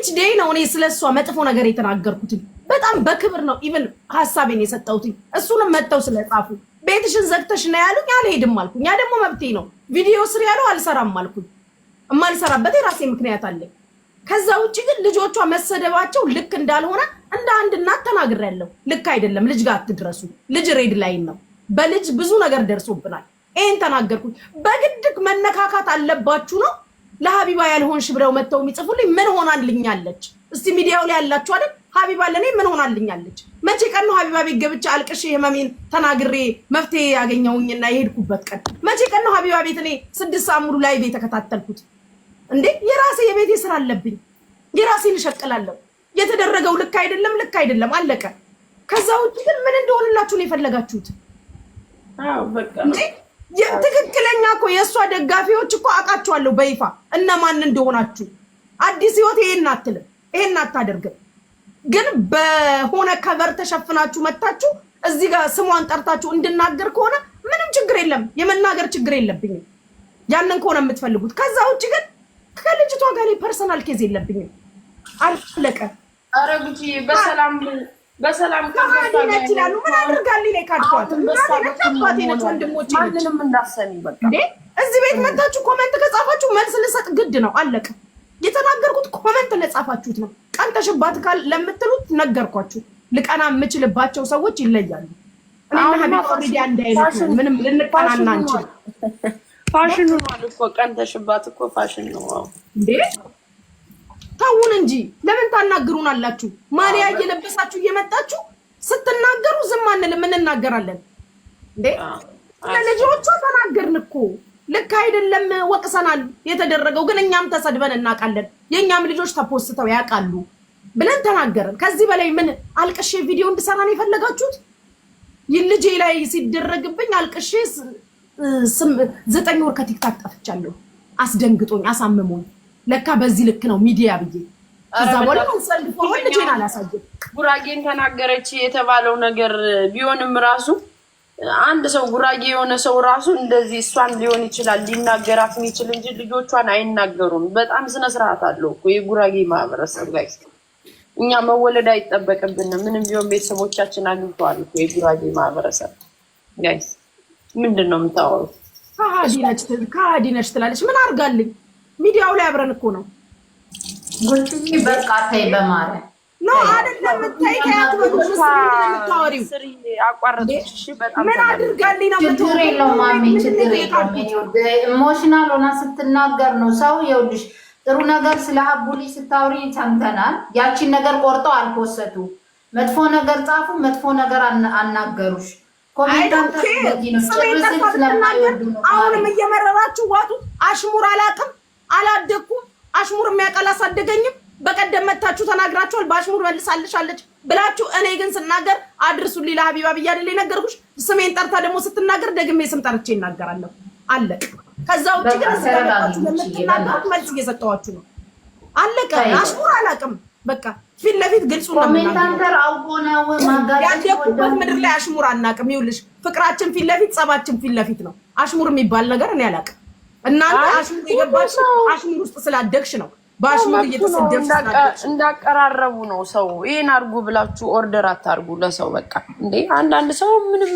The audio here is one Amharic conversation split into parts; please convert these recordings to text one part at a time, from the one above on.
ልጅ ዴይ ነው እኔ ስለ እሷ መጥፎ ነገር የተናገርኩትኝ። በጣም በክብር ነው ኢቨን ሀሳቤን የሰጠሁትኝ። እሱንም መጥተው ስለጻፉ ቤትሽን ዘግተሽ ነው ያሉኝ። አልሄድም አልኩኝ። ያ ደግሞ መብቴ ነው። ቪዲዮ ስር ያለው አልሰራም አልኩኝ። እማልሰራበት የራሴ ምክንያት አለኝ። ከዛ ውጭ ግን ልጆቿ መሰደባቸው ልክ እንዳልሆነ እንደ አንድ እናት ተናግሬያለሁ። ልክ አይደለም። ልጅ ጋር አትድረሱ። ልጅ ሬድ ላይ ነው። በልጅ ብዙ ነገር ደርሶብናል። ይህን ተናገርኩኝ። በግድግ መነካካት አለባችሁ ነው ለሀቢባ ያልሆንሽ ብለው መጥተው የሚጽፉልኝ ምን ሆናልኛለች? እስቲ ሚዲያው ላይ ያላችሁ አይደል? ሀቢባ ለእኔ ምን ሆናልኛለች? መቼ ቀን ነው ሀቢባ ቤት ገብቼ አልቅሼ ህመሜን ተናግሬ መፍትሄ ያገኘውኝና የሄድኩበት ቀን? መቼ ቀን ነው ሀቢባ ቤት እኔ ስድስት ሰዓት ሙሉ ላይ የተከታተልኩት? እንዴ የራሴ የቤቴ ስራ አለብኝ። የራሴን እሸቅላለሁ። የተደረገው ልክ አይደለም፣ ልክ አይደለም፣ አለቀ። ከዛ ውጭ ግን ምን እንደሆንላችሁ ነው የፈለጋችሁት? እንዴ ትክክለኛ እኮ የእሷ ደጋፊዎች እኮ አውቃቸዋለሁ በይፋ እነማን እንደሆናችሁ። አዲስ ህይወት ይሄን አትልም፣ ይሄን አታደርግም። ግን በሆነ ከበር ተሸፍናችሁ መታችሁ እዚህ ጋር ስሟን ጠርታችሁ እንድናገር ከሆነ ምንም ችግር የለም፣ የመናገር ችግር የለብኝም። ያንን ከሆነ የምትፈልጉት። ከዛ ውጭ ግን ከልጅቷ ጋር ፐርሰናል ኬዝ የለብኝም። አለቀ። አረጉት በሰላም በሰላም ከማዲነት ይላሉ። ምን አድርጋልኝ ላይ ካድኳት ነች ወንድሞች ማንንም እንዳሰሚ በቃ እዚህ ቤት መታችሁ ኮመንት ከጻፋችሁ መልስ ልሰጥ ግድ ነው። አለቀ። የተናገርኩት ኮመንት ለጻፋችሁት ነው። ቀን ተሽባት ካል ለምትሉት ነገርኳችሁ። ልቀና የምችልባቸው ሰዎች ይለያሉ። እኔና ሀቢብ ምንም ልንቀናና አንችል። ፋሽን ሆኗል እኮ ቀን ተሽባት እኮ ፋሽን ነው እንዴ! ተውን እንጂ ለምን ታናግሩን አላችሁ። ማሊያ እየለበሳችሁ እየመጣችሁ ስትናገሩ ዝም አንልም፣ እንናገራለን። እንዴ ለልጆቹ ተናገርን እኮ ልክ አይደለም፣ ወቅሰናል የተደረገው ግን እኛም ተሰድበን እናውቃለን፣ የእኛም ልጆች ተፖስተው ያውቃሉ ብለን ተናገርን። ከዚህ በላይ ምን አልቅሼ ቪዲዮ እንድሰራ ነው የፈለጋችሁት? ልጄ ላይ ሲደረግብኝ አልቅሼ ዘጠኝ ወር ከቲክታክ ጠፍቻለሁ። አስደንግጦኝ አሳምሞኝ ለካ በዚህ ልክ ነው ሚዲያ ብዬ ከዛ በኋላ አንሰልፎ ልጄን አላሳየም። ጉራጌን ተናገረች የተባለው ነገር ቢሆንም ራሱ አንድ ሰው ጉራጌ የሆነ ሰው ራሱ እንደዚህ እሷን ሊሆን ይችላል ሊናገራት የሚችል እንጂ ልጆቿን አይናገሩም። በጣም ስነ ስርዓት አለው እኮ የጉራጌ ማህበረሰብ ላይ። እኛ መወለድ አይጠበቅብንም። ምንም ቢሆን ቤተሰቦቻችን አግኝተዋል እኮ የጉራጌ ማህበረሰብ ጋይስ። ምንድን ነው የምታወሩት? ከሃዲ ነች ትላለች። ምን አድርጋልኝ? ሚዲያው ላይ አብረን እኮ ነው ጉቺዬ በቃ ተይ፣ በማርያም ኖ አይደለም። ምን አድርጋልኝ ነው? ችግር የለውም ማሜ፣ ችግር የለውም። ኢሞሽናል ሆና ስትናገር ነው ሰው ይኸውልሽ፣ ጥሩ ነገር ስለ ሀቡሊ ስታወሪ ሰምተናል። ያቺን ነገር ቆርጠው አልኮሰቱ፣ መጥፎ ነገር ጻፉ፣ መጥፎ ነገር አናገሩሽ። አሁንም እየመረራችሁ ዋጡ። አሽሙር አላውቅም፣ አሽሙር የሚያቀል አሳደገኝም። በቀደም መታችሁ ተናግራችኋል። በአሽሙር መልሳልሻለች ብላችሁ እኔ ግን ስናገር አድርሱልኝ ለሀቢባ ብዬ አይደል የነገርኩሽ? ስሜን ጠርታ ደግሞ ስትናገር ደግሜ ስም ጠርቼ ይናገራለሁ። አለቅ። ከዛ ውጭ ግን ስለምትናገሩት መልስ እየሰጠኋችሁ ነው። አለቀ። አሽሙር አላውቅም። በቃ ፊት ለፊት ግልጹ ያደኩበት ምድር ላይ አሽሙር አናውቅም። ይኸውልሽ ፍቅራችን ፊት ለፊት ጸባችን ፊት ለፊት ነው። አሽሙር የሚባል ነገር እኔ አላውቅም። እናንተ አሽሙር የገባሽ አሽሙር ውስጥ ስላደግሽ ነው። በአሽሙር እየተሰደብሽ እንዳቀራረቡ ነው። ሰው ይሄን አድርጉ ብላችሁ ኦርደር አታርጉ ለሰው በቃ እንዴ። አንዳንድ ሰው ምንም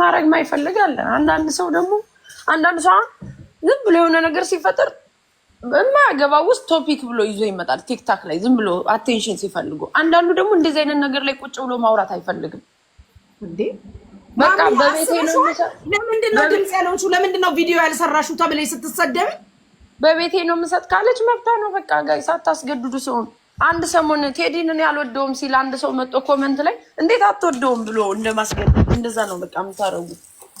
ማድረግ ማይፈልግ አለ። አንዳንድ ሰው ደግሞ አንዳንድ ሰው ዝም ብሎ የሆነ ነገር ሲፈጠር በማያገባ ውስጥ ቶፒክ ብሎ ይዞ ይመጣል። ቲክታክ ላይ ዝም ብሎ አቴንሽን ሲፈልጉ፣ አንዳንዱ ደግሞ እንደዚህ አይነት ነገር ላይ ቁጭ ብሎ ማውራት አይፈልግም እንዴ በቃ በቤቴ ነው። ለምንድን ነው ድምፅ ያልሆንሽው? ለምንድን ነው ቪዲዮ ያልሰራሽው ተብለሽ ስትሰደብ በቤቴ ነው የምሰጥ ካለች መብታ ነው። በቃ ጋይ ሳታስገድዱ ሰውን አንድ ሰሞን ቴዲንን ያልወደውም ሲል አንድ ሰው መጦ ኮመንት ላይ እንዴት አትወደውም ብሎ እንደማስገደድ እንደዛ ነው በቃ የምታረጉ።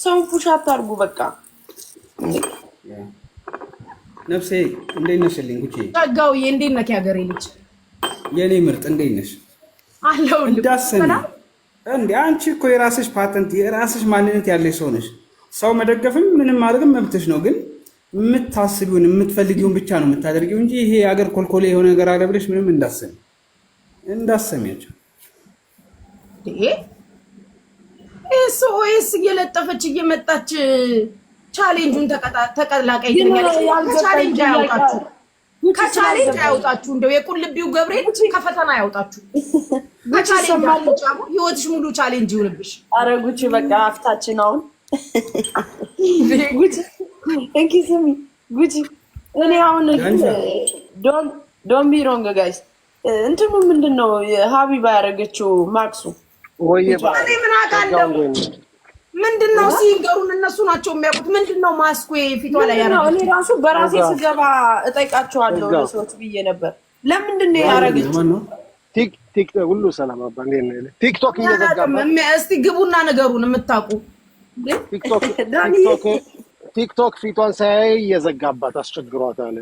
ሰው ፑሽ አታርጉ። በቃ ነፍሴ እንዴት ነሽልኝ? ጉቺ ጸጋውዬ እንዴት ነህ? ያገሬ ልጅ የኔ ምርጥ እንዴት ነሽ? አለው እንዳሰኒ እንዴ አንቺ እኮ የራስሽ ፓተንት የራስሽ ማንነት ያለሽ ሰው ነሽ። ሰው መደገፍም ምንም ማድረግም መብትሽ ነው። ግን የምታስቢውን የምትፈልጊውን ብቻ ነው የምታደርጊው እንጂ ይሄ አገር ኮልኮሌ የሆነ ነገር አለ ብለሽ ምንም እንዳሰሚ እንዳሰሚያቸው ኤስ ኦኤስ እየለጠፈች እየመጣች ቻሌንጁን ተቀላቀይ ቻሌንጅ አያውቃችሁ ከቻሌንጅ አያውጣችሁ። እንደው የቁልቢው ገብርኤል ከፈተና አያውጣችሁ። ከቻሌንጅ ህይወትሽ ሙሉ ቻሌንጅ ይሁንብሽ። ኧረ ጉቺ በቃ አፍታችን አሁን እንኪ ስሚ ጉቺ፣ እኔ አሁን ዶን ቢ ሮንግ ጋይስ፣ እንትኑ ምንድን ነው ሀቢባ ያደረገችው ማክሱ ወይ ምን አውቃለሁ ምንድነው ሲንገሩን እነሱ ናቸው የሚያውቁት። ምንድነው ማስኩ ፊቷ ላይ ያረገው? እኔ ራሱ በራሴ ስገባ እጠይቃቸዋለሁ ለሰዎች ብዬ ነበር። ለምንድን ነው ያረገችው? ሁሉ ሰላም አባ፣ ቲክቶክ እየዘጋ እስቲ ግቡና ነገሩን የምታውቁ ቲክቶክ ፊቷን ሳያይ እየዘጋባት አስቸግሯታል።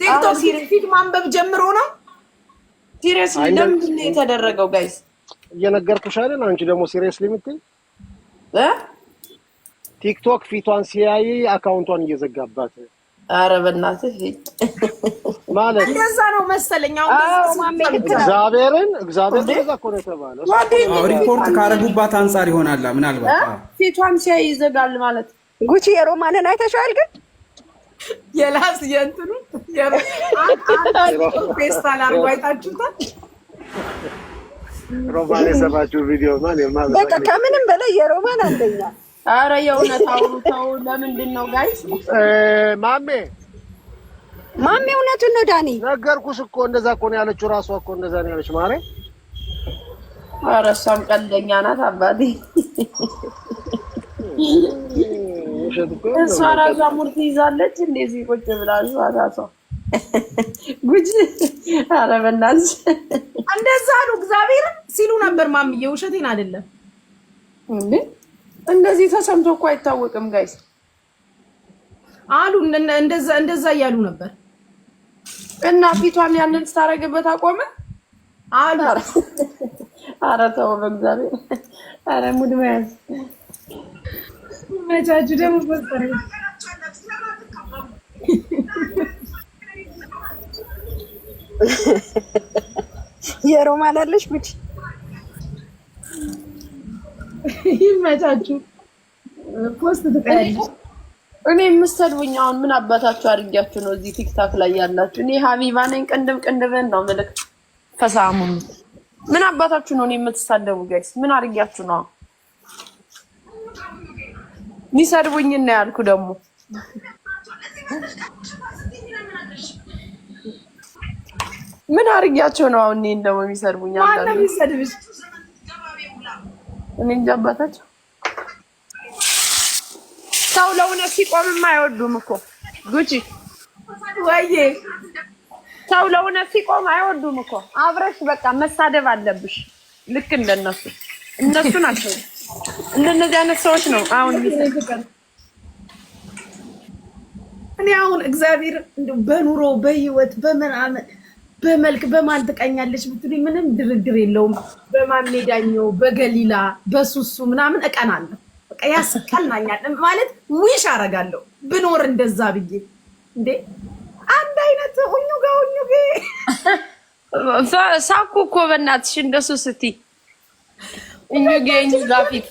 ቲክቶክ ፊት ማንበብ ጀምሮ ነው ሲሪየስሊ። ለምንድን ነው የተደረገው? ጋይስ እየነገርኩሽ አይደል? አንቺ ደግሞ ሲሪየስሊ የምትይኝ ቲክቶክ ፊቷን ሲያይ አካውንቷን እየዘጋባት አረ በእናትህ ማለት እንደዛ ነው መሰለኝ። እግዚአብሔርን እግዚአብሔር እንደዛ እኮ ነው ሪፖርት ካረጉባት አንጻር ይሆናላ ምናልባት ፊቷን ሲያይ ይዘጋል ማለት። ጉቺ የሮማንን አይተሻል ግን የላስ የእንትኑ ፌስታል አርጓይታችሁታል ሮማን የሰራችው ቪዲዮ በቃ ከምንም በላይ የሮማን አንደኛ። አረ የእውነት አውሩተው ለምንድን ነው ጋይስ? ማሜ ማሜ እውነቱን ነው ዳኒ። ነገርኩሽ እኮ እንደዛ እኮ ነው ያለችው። ራሷ እኮ እንደዛ ነው ያለች ማሬ። አረ እሷም ቀልደኛ ናት አባቴ። እሷ ራሷ ሙርት ይዛለች እንደዚህ ቁጭ ብላ ራሷ ጉጂ ኧረ በእናትሽ እንደዛ ነው እግዚአብሔር ሲሉ ነበር ማምዬ፣ ውሸቴን አይደለም። እንደዚህ ተሰምቶ እኮ አይታወቅም ጋይስ አሉ። እንደዛ እንደዛ እያሉ ነበር እና ፊቷን ያንን ስታረግበት አቆመ አሉ። አረ ተው በእግዚአብሔር አረ ሙድ መያዝ መቻቹ ደግሞ የሮማ አላለሽ ጉድ ይመቻችሁ። ፖስት ትቀያለሽ። እኔ የምትሰድቡኝ አሁን ምን አባታችሁ አድርጊያችሁ ነው እዚህ ቲክታክ ላይ ያላችሁ? እኔ ሀቢባ ነኝ። ቅንድብ ቅንድብን ነው ምልክት ፈሳሙ ምን አባታችሁ ነው እኔ የምትሳደቡ? ጋይስ ምን አድርጊያችሁ ነው ሚሰድቡኝ? እና ያልኩ ደግሞ ምን አድርጊያቸው ነው አሁን እኔን ደግሞ የሚሰድቡኝ? እኔ እንጃ አባታቸው። ሰው ለእውነት ሲቆምማ አይወዱም እኮ ጉቺ፣ ወይዬ ሰው ለእውነት ሲቆም አይወዱም እኮ። አብረሽ በቃ መሳደብ አለብሽ፣ ልክ እንደነሱ። እነሱ ናቸው እንደነዚህ አይነት ሰዎች ነው አሁን እኔ አሁን እግዚአብሔር በኑሮ በህይወት በምናምን በመልክ በማን ትቀኛለች ብትሉኝ ምንም ድርድር የለውም። በማሜዳኛው በገሊላ፣ በሱሱ ምናምን እቀናለሁ። በቃ ያስቀናኛል ማለት ዊሽ አረጋለሁ ብኖር እንደዛ ብዬ እንዴ አንድ አይነት ሁኙ ጋ ሁኙ ሳኩ እኮ በእናትሽ እንደሱ ስቲ እኙ ጌ ፊት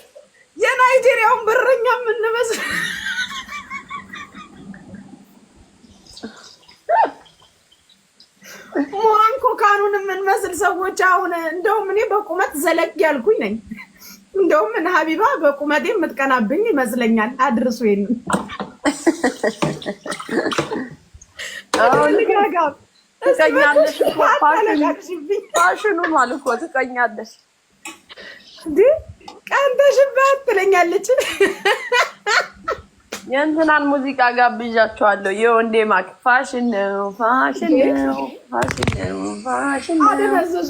የናይጄሪያውን በረኛ የምንመስል ዙሪያውን የምንመስል ሰዎች አሁን እንደውም እኔ በቁመት ዘለግ ያልኩኝ ነኝ። እንደውም እነ ሀቢባ በቁመቴ የምትቀናብኝ ይመስለኛል። አድርሱ ይን ትቀኛለሽ። ፋሽኑን ማለት እኮ ትቀኛለሽ። ቀንተሽባት ትለኛለች የእንትናን ሙዚቃ ጋብዣቸዋለሁ። የወንዴ ማክ ፋሽን ነው ፋሽን ነው ፋሽን ነው ፋሽን ነው